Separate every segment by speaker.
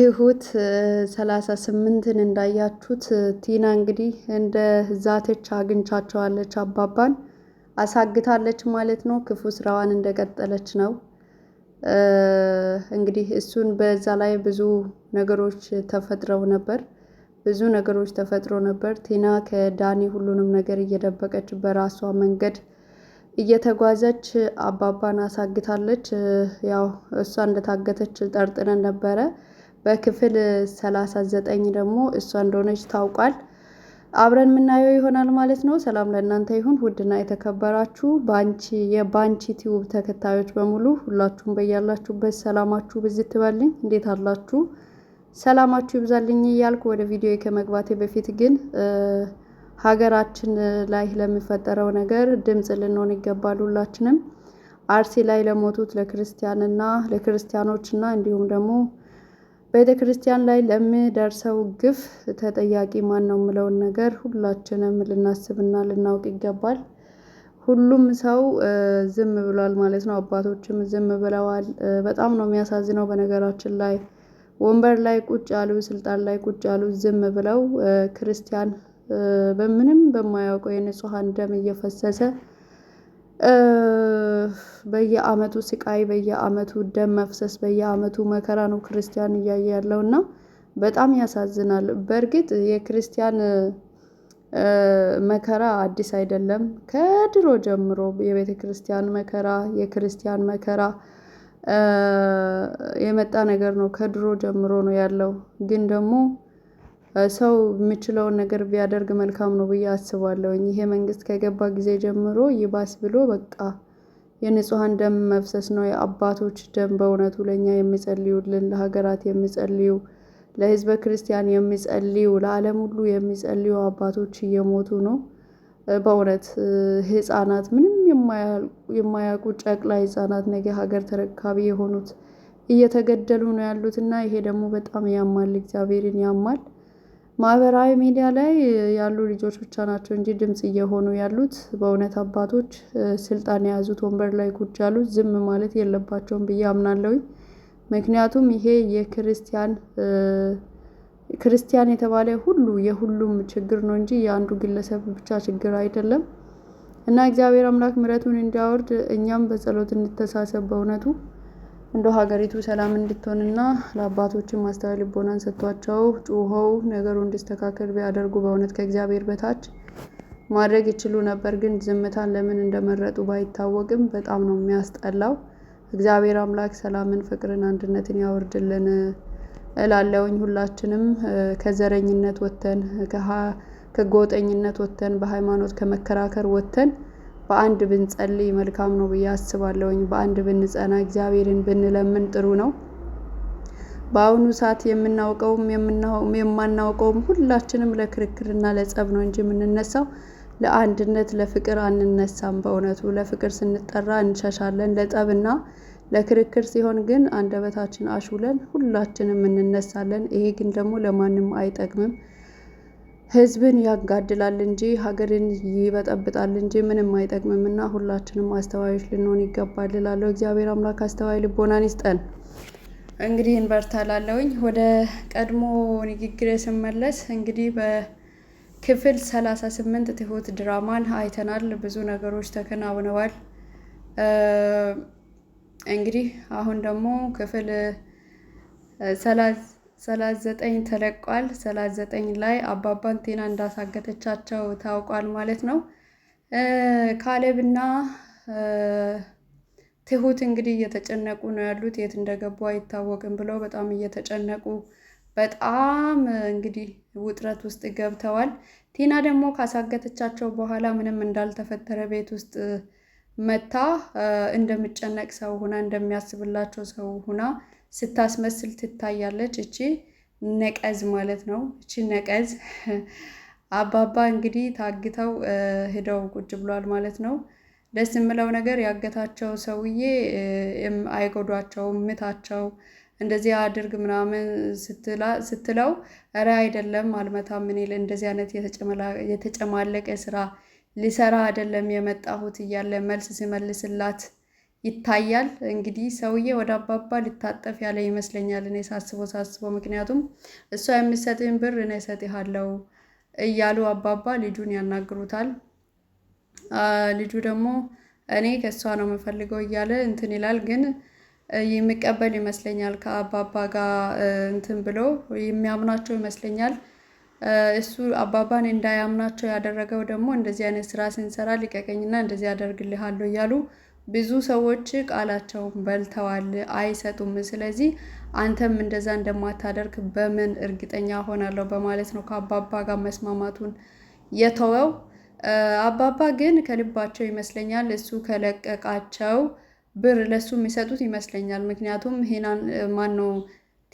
Speaker 1: ትሁት ሰላሳ ስምንትን እንዳያችሁት ቲና እንግዲህ እንደ ዛተች አግኝቻቸዋለች። አባባን አሳግታለች ማለት ነው። ክፉ ስራዋን እንደቀጠለች ነው። እንግዲህ እሱን በዛ ላይ ብዙ ነገሮች ተፈጥረው ነበር። ብዙ ነገሮች ተፈጥሮ ነበር። ቲና ከዳኒ ሁሉንም ነገር እየደበቀች በራሷ መንገድ እየተጓዘች አባባን አሳግታለች። ያው እሷ እንደታገተች ጠርጥረን ነበረ። በክፍል 39 ደግሞ እሷ እንደሆነች ታውቋል። አብረን የምናየው ይሆናል ማለት ነው። ሰላም ለእናንተ ይሁን ውድና የተከበራችሁ ባንቺ የባንቺ ቲዩብ ተከታዮች በሙሉ ሁላችሁም በያላችሁበት ሰላማችሁ ብዝት ትበልኝ። እንዴት አላችሁ? ሰላማችሁ ይብዛልኝ እያልኩ ወደ ቪዲዮ ከመግባቴ በፊት ግን ሀገራችን ላይ ለሚፈጠረው ነገር ድምፅ ልንሆን ይገባል። ሁላችንም አርሲ ላይ ለሞቱት ለክርስቲያንና ለክርስቲያኖችና እንዲሁም ደግሞ ቤተ ክርስቲያን ላይ ለሚደርሰው ግፍ ተጠያቂ ማን ነው የምለውን ነገር ሁላችንም ልናስብና ልናውቅ ይገባል። ሁሉም ሰው ዝም ብሏል ማለት ነው። አባቶችም ዝም ብለዋል። በጣም ነው የሚያሳዝነው። በነገራችን ላይ ወንበር ላይ ቁጭ ያሉ፣ ስልጣን ላይ ቁጭ ያሉ ዝም ብለው ክርስቲያን በምንም በማያውቀው የንጹሐን ደም እየፈሰሰ በየአመቱ ስቃይ፣ በየአመቱ ደም መፍሰስ፣ በየአመቱ መከራ ነው ክርስቲያን እያየ ያለው እና በጣም ያሳዝናል። በእርግጥ የክርስቲያን መከራ አዲስ አይደለም። ከድሮ ጀምሮ የቤተ ክርስቲያን መከራ፣ የክርስቲያን መከራ የመጣ ነገር ነው። ከድሮ ጀምሮ ነው ያለው ግን ደግሞ ሰው የምችለውን ነገር ቢያደርግ መልካም ነው ብዬ አስባለሁ ይሄ መንግስት ከገባ ጊዜ ጀምሮ ይባስ ብሎ በቃ የንጹሃን ደም መፍሰስ ነው። የአባቶች ደም በእውነቱ ለእኛ የሚጸልዩልን፣ ለሀገራት የሚጸልዩ፣ ለህዝበ ክርስቲያን የሚጸልዩ፣ ለዓለም ሁሉ የሚጸልዩ አባቶች እየሞቱ ነው። በእውነት ህፃናት ምንም የማያውቁ ጨቅላ ህጻናት ነገ ሀገር ተረካቢ የሆኑት እየተገደሉ ነው ያሉት እና ይሄ ደግሞ በጣም ያማል፣ እግዚአብሔርን ያማል። ማህበራዊ ሚዲያ ላይ ያሉ ልጆች ብቻ ናቸው እንጂ ድምጽ እየሆኑ ያሉት በእውነት አባቶች ስልጣን የያዙት ወንበር ላይ ቁጭ ያሉት ዝም ማለት የለባቸውም ብዬ አምናለሁኝ። ምክንያቱም ይሄ የክርስቲያን ክርስቲያን የተባለ ሁሉ የሁሉም ችግር ነው እንጂ የአንዱ ግለሰብ ብቻ ችግር አይደለም። እና እግዚአብሔር አምላክ ምህረቱን እንዲያወርድ እኛም በጸሎት እንተሳሰብ በእውነቱ እንደ ሀገሪቱ ሰላም እንድትሆንና ለአባቶችን ማስተዋል ልቦናን ሰጥቷቸው ጩኸው ነገሩ እንዲስተካከል ቢያደርጉ በእውነት ከእግዚአብሔር በታች ማድረግ ይችሉ ነበር። ግን ዝምታን ለምን እንደመረጡ ባይታወቅም በጣም ነው የሚያስጠላው። እግዚአብሔር አምላክ ሰላምን፣ ፍቅርን፣ አንድነትን ያወርድልን እላለውኝ። ሁላችንም ከዘረኝነት ወጥተን ከጎጠኝነት ወጥተን በሃይማኖት ከመከራከር ወጥተን በአንድ ብንጸልይ መልካም ነው ብዬ አስባለሁኝ። በአንድ ብንጸና እግዚአብሔርን ብንለምን ጥሩ ነው። በአሁኑ ሰዓት የምናውቀውም የማናውቀውም ሁላችንም ለክርክርና ለጸብ ነው እንጂ የምንነሳው ለአንድነት ለፍቅር አንነሳም። በእውነቱ ለፍቅር ስንጠራ እንሸሻለን። ለጠብና ለክርክር ሲሆን ግን አንደበታችን አሹለን ሁላችንም እንነሳለን። ይሄ ግን ደግሞ ለማንም አይጠቅምም። ህዝብን ያጋድላል እንጂ ሀገርን ይበጠብጣል እንጂ ምንም አይጠቅምም እና ሁላችንም አስተዋዮች ልንሆን ይገባል እላለሁ። እግዚአብሔር አምላክ አስተዋይ ልቦናን ይስጠን። እንግዲህ እንበርታላለሁኝ። ወደ ቀድሞ ንግግር ስመለስ እንግዲህ በክፍል 38 ትሁት ድራማን አይተናል። ብዙ ነገሮች ተከናውነዋል። እንግዲህ አሁን ደግሞ ክፍል ሰላሳ ዘጠኝ ተለቋል። ሰላሳ ዘጠኝ ላይ አባባን ቴና እንዳሳገተቻቸው ታውቋል ማለት ነው። ካሌብና ትሁት እንግዲህ እየተጨነቁ ነው ያሉት። የት እንደገቡ አይታወቅም ብለው በጣም እየተጨነቁ በጣም እንግዲህ ውጥረት ውስጥ ገብተዋል። ቲና ደግሞ ካሳገተቻቸው በኋላ ምንም እንዳልተፈጠረ ቤት ውስጥ መታ እንደምጨነቅ ሰው ሁና እንደሚያስብላቸው ሰው ሁና ስታስመስል ትታያለች። እቺ ነቀዝ ማለት ነው። እቺ ነቀዝ አባባ እንግዲህ ታግተው ሄደው ቁጭ ብሏል ማለት ነው። ደስ የምለው ነገር ያገታቸው ሰውዬ አይጎዷቸውም። ምታቸው እንደዚህ አድርግ ምናምን ስትለው እረ አይደለም አልመታም፣ እኔ እንደዚህ አይነት የተጨማለቀ ስራ ሊሰራ አይደለም የመጣሁት እያለ መልስ ሲመልስላት ይታያል። እንግዲህ ሰውዬ ወደ አባባ ሊታጠፍ ያለ ይመስለኛል እኔ ሳስቦ ሳስበው፣ ምክንያቱም እሷ የምትሰጥህን ብር እኔ እሰጥሃለሁ እያሉ አባባ ልጁን ያናግሩታል። ልጁ ደግሞ እኔ ከእሷ ነው የምፈልገው እያለ እንትን ይላል። ግን የሚቀበል ይመስለኛል ከአባባ ጋር እንትን ብሎ የሚያምናቸው ይመስለኛል። እሱ አባባን እንዳያምናቸው ያደረገው ደግሞ እንደዚህ አይነት ስራ ስንሰራ ሊቀቀኝና እንደዚህ ያደርግልሃለሁ እያሉ ብዙ ሰዎች ቃላቸውን በልተዋል አይሰጡም። ስለዚህ አንተም እንደዛ እንደማታደርግ በምን እርግጠኛ ሆናለሁ በማለት ነው ከአባባ ጋር መስማማቱን የተወው። አባባ ግን ከልባቸው ይመስለኛል እሱ ከለቀቃቸው ብር ለሱ የሚሰጡት ይመስለኛል። ምክንያቱም ማነው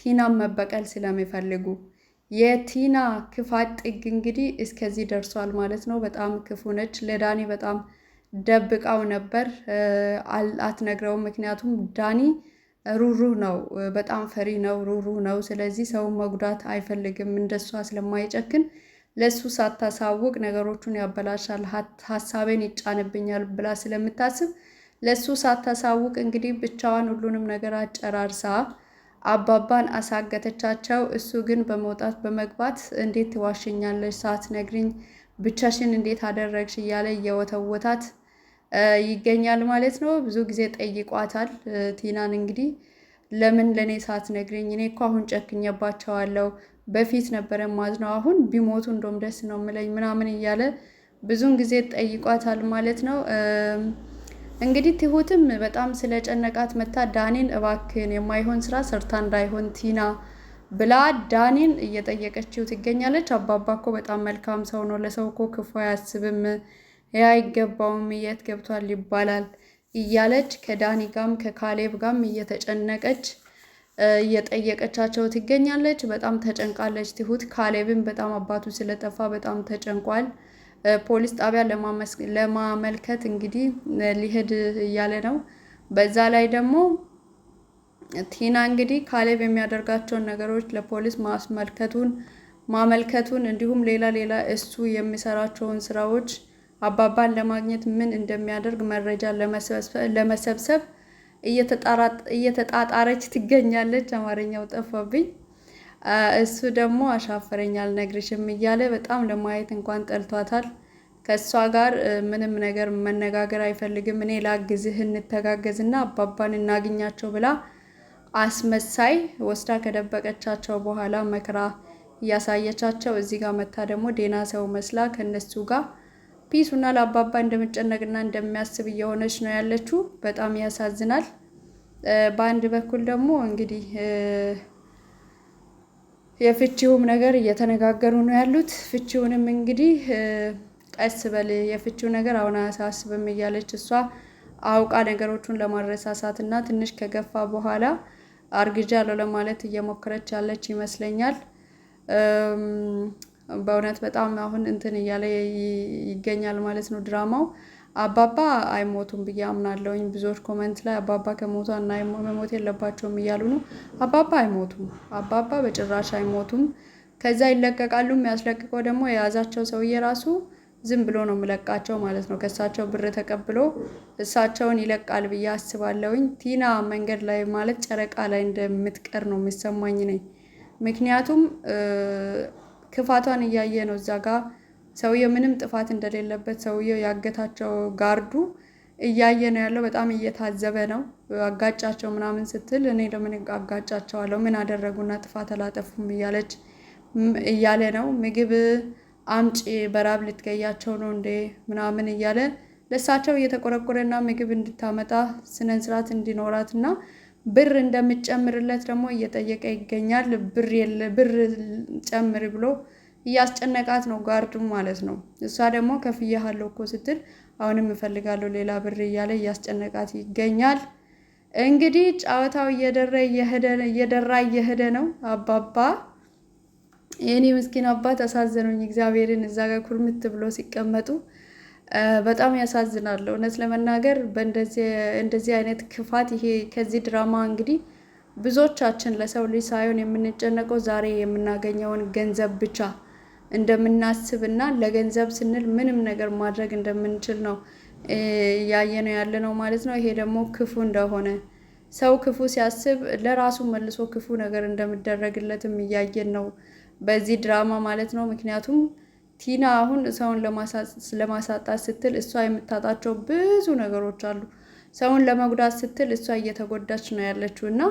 Speaker 1: ቲናን መበቀል ስለሚፈልጉ የቲና ክፋት ጥግ እንግዲህ እስከዚህ ደርሷል ማለት ነው። በጣም ክፉ ነች። ለዳኒ በጣም ደብቃው ነበር። አትነግረውም። ምክንያቱም ዳኒ ሩሩህ ነው፣ በጣም ፈሪ ነው፣ ሩሩህ ነው። ስለዚህ ሰውን መጉዳት አይፈልግም። እንደሷ ስለማይጨክን ለእሱ ሳታሳውቅ ነገሮቹን ያበላሻል፣ ሀሳቤን ይጫንብኛል ብላ ስለምታስብ ለእሱ ሳታሳውቅ እንግዲህ ብቻዋን ሁሉንም ነገር አጨራርሳ አባባን አሳገተቻቸው። እሱ ግን በመውጣት በመግባት እንዴት ትዋሽኛለች ሳትነግሪኝ ብቻሽን እንዴት አደረግሽ እያለ እየወተወታት ይገኛል ማለት ነው። ብዙ ጊዜ ጠይቋታል ቲናን እንግዲህ ለምን ለእኔ ሳትነግሪኝ? እኔ እኮ አሁን ጨክኜባቸዋለሁ። በፊት ነበረ ማዝነው፣ አሁን ቢሞቱ እንደውም ደስ ነው ምለኝ ምናምን እያለ ብዙን ጊዜ ጠይቋታል ማለት ነው። እንግዲህ ትሁትም በጣም ስለጨነቃት መታ ዳኒን እባክን የማይሆን ስራ ሰርታ እንዳይሆን ቲና ብላ ዳኒን እየጠየቀችው ትገኛለች። አባባ እኮ በጣም መልካም ሰው ነው፣ ለሰው እኮ ክፉ አያስብም አይገባውም የት ገብቷል ይባላል እያለች ከዳኒ ጋም ከካሌብ ጋም እየተጨነቀች እየጠየቀቻቸው ትገኛለች። በጣም ተጨንቃለች። ትሁት ካሌብን በጣም አባቱ ስለጠፋ በጣም ተጨንቋል። ፖሊስ ጣቢያ ለማመልከት እንግዲህ ሊሄድ እያለ ነው። በዛ ላይ ደግሞ ቲና እንግዲህ ካሌብ የሚያደርጋቸውን ነገሮች ለፖሊስ ማስመልከቱን ማመልከቱን እንዲሁም ሌላ ሌላ እሱ የሚሰራቸውን ስራዎች አባባን ለማግኘት ምን እንደሚያደርግ መረጃ ለመሰብሰብ እየተጣጣረች ትገኛለች። አማርኛው ጠፋብኝ። እሱ ደግሞ አሻፈረኝ አልነግርሽም እያለ በጣም ለማየት እንኳን ጠልቷታል። ከእሷ ጋር ምንም ነገር መነጋገር አይፈልግም። እኔ ላግዝህ፣ እንተጋገዝና አባባን እናግኛቸው ብላ አስመሳይ ወስዳ ከደበቀቻቸው በኋላ መከራ እያሳየቻቸው እዚህ ጋር መታ ደግሞ ዴና ሰው መስላ ከእነሱ ጋር ፒሱና ለአባባ እንደምጨነቅና እንደሚያስብ እየሆነች ነው ያለችው። በጣም ያሳዝናል። በአንድ በኩል ደግሞ እንግዲህ የፍቺውም ነገር እየተነጋገሩ ነው ያሉት። ፍቺውንም እንግዲህ ቀስ በል የፍቺው ነገር አሁን አያሳስብም እያለች እሷ አውቃ ነገሮቹን ለማረሳሳት እና ትንሽ ከገፋ በኋላ አርግጃለሁ ለማለት እየሞከረች ያለች ይመስለኛል። በእውነት በጣም አሁን እንትን እያለ ይገኛል ማለት ነው ድራማው። አባባ አይሞቱም ብዬ አምናለሁኝ። ብዙዎች ኮመንት ላይ አባባ ከሞቱ እና መሞት የለባቸውም እያሉ ነው። አባባ አይሞቱም። አባባ በጭራሽ አይሞቱም። ከዛ ይለቀቃሉ። የሚያስለቅቀው ደግሞ የያዛቸው ሰውዬ ራሱ ዝም ብሎ ነው የምለቃቸው ማለት ነው። ከእሳቸው ብር ተቀብሎ እሳቸውን ይለቃል ብዬ አስባለውኝ። ቲና መንገድ ላይ ማለት ጨረቃ ላይ እንደምትቀር ነው የሚሰማኝ ነኝ። ምክንያቱም ክፋቷን እያየ ነው እዛ ጋ ሰውየው ምንም ጥፋት እንደሌለበት ሰውየው ያገታቸው ጋርዱ እያየ ነው ያለው። በጣም እየታዘበ ነው። አጋጫቸው ምናምን ስትል እኔ ለምን አጋጫቸዋለሁ? ምን አደረጉና ጥፋት አላጠፉም እያለች እያለ ነው። ምግብ አምጪ፣ በራብ ልትገያቸው ነው እንዴ ምናምን እያለ ለእሳቸው እየተቆረቆረና ምግብ እንድታመጣ ስነ ስርዓት እንዲኖራትና ብር እንደምትጨምርለት ደግሞ እየጠየቀ ይገኛል። ብር የለ ብር ጨምር ብሎ እያስጨነቃት ነው ጋርዱ ማለት ነው። እሷ ደግሞ ከፍያሃለው እኮ ስትል አሁንም እፈልጋለሁ ሌላ ብር እያለ እያስጨነቃት ይገኛል። እንግዲህ ጨዋታው እየደራ እየሄደ ነው። አባባ የእኔ ምስኪን አባት አሳዘኑኝ እግዚአብሔርን እዛ ጋር ኩርምት ብሎ ሲቀመጡ በጣም ያሳዝናል። እውነት ለመናገር እንደዚህ አይነት ክፋት ይሄ ከዚህ ድራማ እንግዲህ ብዙዎቻችን ለሰው ልጅ ሳይሆን የምንጨነቀው ዛሬ የምናገኘውን ገንዘብ ብቻ እንደምናስብ እና ለገንዘብ ስንል ምንም ነገር ማድረግ እንደምንችል ነው እያየነው ያለ ነው ማለት ነው። ይሄ ደግሞ ክፉ እንደሆነ ሰው ክፉ ሲያስብ ለራሱ መልሶ ክፉ ነገር እንደሚደረግለትም እያየን ነው በዚህ ድራማ ማለት ነው ምክንያቱም ቲና አሁን ሰውን ለማሳጣት ስትል እሷ የምታጣቸው ብዙ ነገሮች አሉ። ሰውን ለመጉዳት ስትል እሷ እየተጎዳች ነው ያለችው እና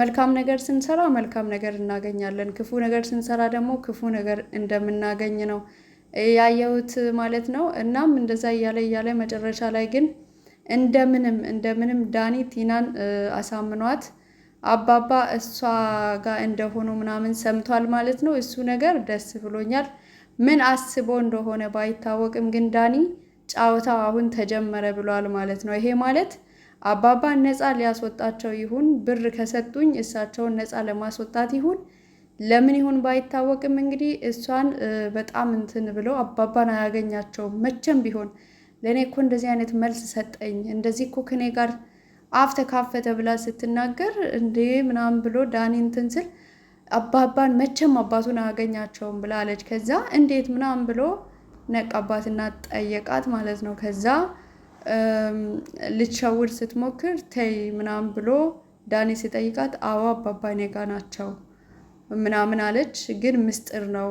Speaker 1: መልካም ነገር ስንሰራ መልካም ነገር እናገኛለን፣ ክፉ ነገር ስንሰራ ደግሞ ክፉ ነገር እንደምናገኝ ነው ያየሁት ማለት ነው። እናም እንደዛ እያለ እያለ መጨረሻ ላይ ግን እንደምንም እንደምንም ዳኒ ቲናን አሳምኗት አባባ እሷ ጋር እንደሆኑ ምናምን ሰምቷል ማለት ነው። እሱ ነገር ደስ ብሎኛል። ምን አስቦ እንደሆነ ባይታወቅም ግን ዳኒ ጫወታው አሁን ተጀመረ ብሏል ማለት ነው። ይሄ ማለት አባባን ነፃ ሊያስወጣቸው ይሁን ብር ከሰጡኝ እሳቸውን ነፃ ለማስወጣት ይሁን ለምን ይሁን ባይታወቅም እንግዲህ እሷን በጣም እንትን ብሎ አባባን አያገኛቸውም መቼም ቢሆን ለእኔ እኮ እንደዚህ አይነት መልስ ሰጠኝ፣ እንደዚህ እኮ ከኔ ጋር አፍ ተካፈተ ብላ ስትናገር እንዴ ምናምን ብሎ ዳኒ እንትን ስል አባባን መቼም አባቱን አያገኛቸውም ብላለች። ከዛ እንዴት ምናምን ብሎ ነቅ አባትና ጠየቃት ማለት ነው። ከዛ ልትሸውድ ስትሞክር ተይ ምናምን ብሎ ዳኔ ሲጠይቃት አዎ አባባ እኔ ጋ ናቸው ምናምን አለች። ግን ምስጢር ነው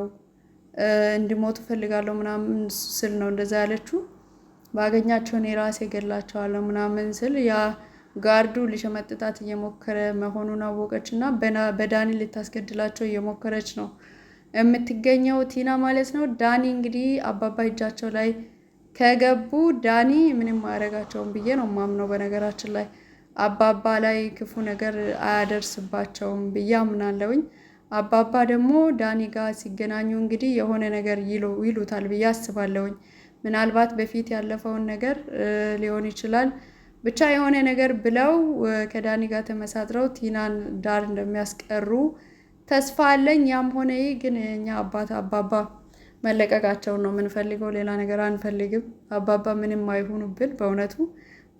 Speaker 1: እንዲሞቱ ፈልጋለሁ ምናምን ስል ነው እንደዛ ያለችው። ባገኛቸው እኔ ራሴ ገላቸዋለሁ ምናምን ስል ያ ጋርዱ ሊሸመጥታት እየሞከረ መሆኑን አወቀች እና በዳኒ ልታስገድላቸው እየሞከረች ነው የምትገኘው ቲና ማለት ነው። ዳኒ እንግዲህ አባባ እጃቸው ላይ ከገቡ ዳኒ ምንም አያደርጋቸውም ብዬ ነው ማምነው። በነገራችን ላይ አባባ ላይ ክፉ ነገር አያደርስባቸውም ብዬ አምናለሁኝ። አባባ ደግሞ ዳኒ ጋር ሲገናኙ እንግዲህ የሆነ ነገር ይሉታል ብዬ አስባለሁኝ። ምናልባት በፊት ያለፈውን ነገር ሊሆን ይችላል ብቻ የሆነ ነገር ብለው ከዳኒ ጋር ተመሳጥረው ቲናን ዳር እንደሚያስቀሩ ተስፋ አለኝ። ያም ሆነ ይህ ግን እኛ አባት አባባ መለቀቃቸውን ነው የምንፈልገው፣ ሌላ ነገር አንፈልግም። አባባ ምንም አይሆኑብን። በእውነቱ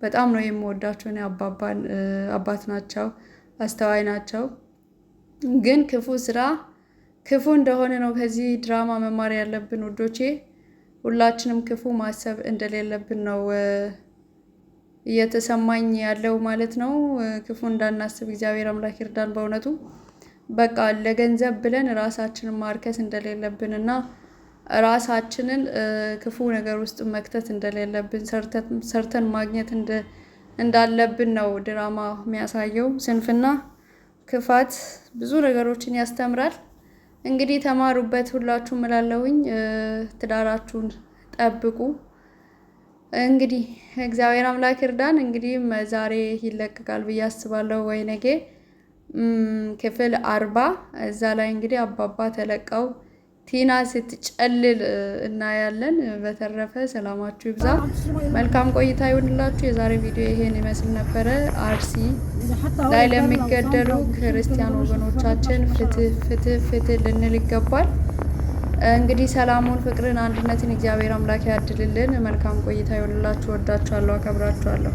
Speaker 1: በጣም ነው የምወዳቸው። እኔ አባባን አባት ናቸው፣ አስተዋይ ናቸው። ግን ክፉ ስራ ክፉ እንደሆነ ነው ከዚህ ድራማ መማር ያለብን ውዶቼ። ሁላችንም ክፉ ማሰብ እንደሌለብን ነው እየተሰማኝ ያለው ማለት ነው። ክፉ እንዳናስብ እግዚአብሔር አምላክ ይርዳን። በእውነቱ በቃ ለገንዘብ ብለን ራሳችንን ማርከስ እንደሌለብን እና ራሳችንን ክፉ ነገር ውስጥ መክተት እንደሌለብን ሰርተን ማግኘት እንዳለብን ነው ድራማ የሚያሳየው። ስንፍና፣ ክፋት ብዙ ነገሮችን ያስተምራል። እንግዲህ ተማሩበት ሁላችሁም እላለሁኝ። ትዳራችሁን ጠብቁ። እንግዲህ እግዚአብሔር አምላክ እርዳን። እንግዲህ ዛሬ ይለቀቃል ብዬ አስባለሁ ወይ ነገ ክፍል አርባ እዛ ላይ እንግዲህ አባባ ተለቀው ቲና ስትጨልል እናያለን። በተረፈ ሰላማችሁ ይብዛ፣ መልካም ቆይታ ይሁንላችሁ። የዛሬ ቪዲዮ ይሄን ይመስል ነበረ። አርሲ ላይ ለሚገደሉ ክርስቲያን ወገኖቻችን ፍትህ ፍትህ ፍትህ ልንል ይገባል። እንግዲህ ሰላሙን፣ ፍቅርን፣ አንድነትን እግዚአብሔር አምላክ ያድልልን። መልካም ቆይታ ይሆንላችሁ። ወዳችኋለሁ፣ አከብራችኋለሁ።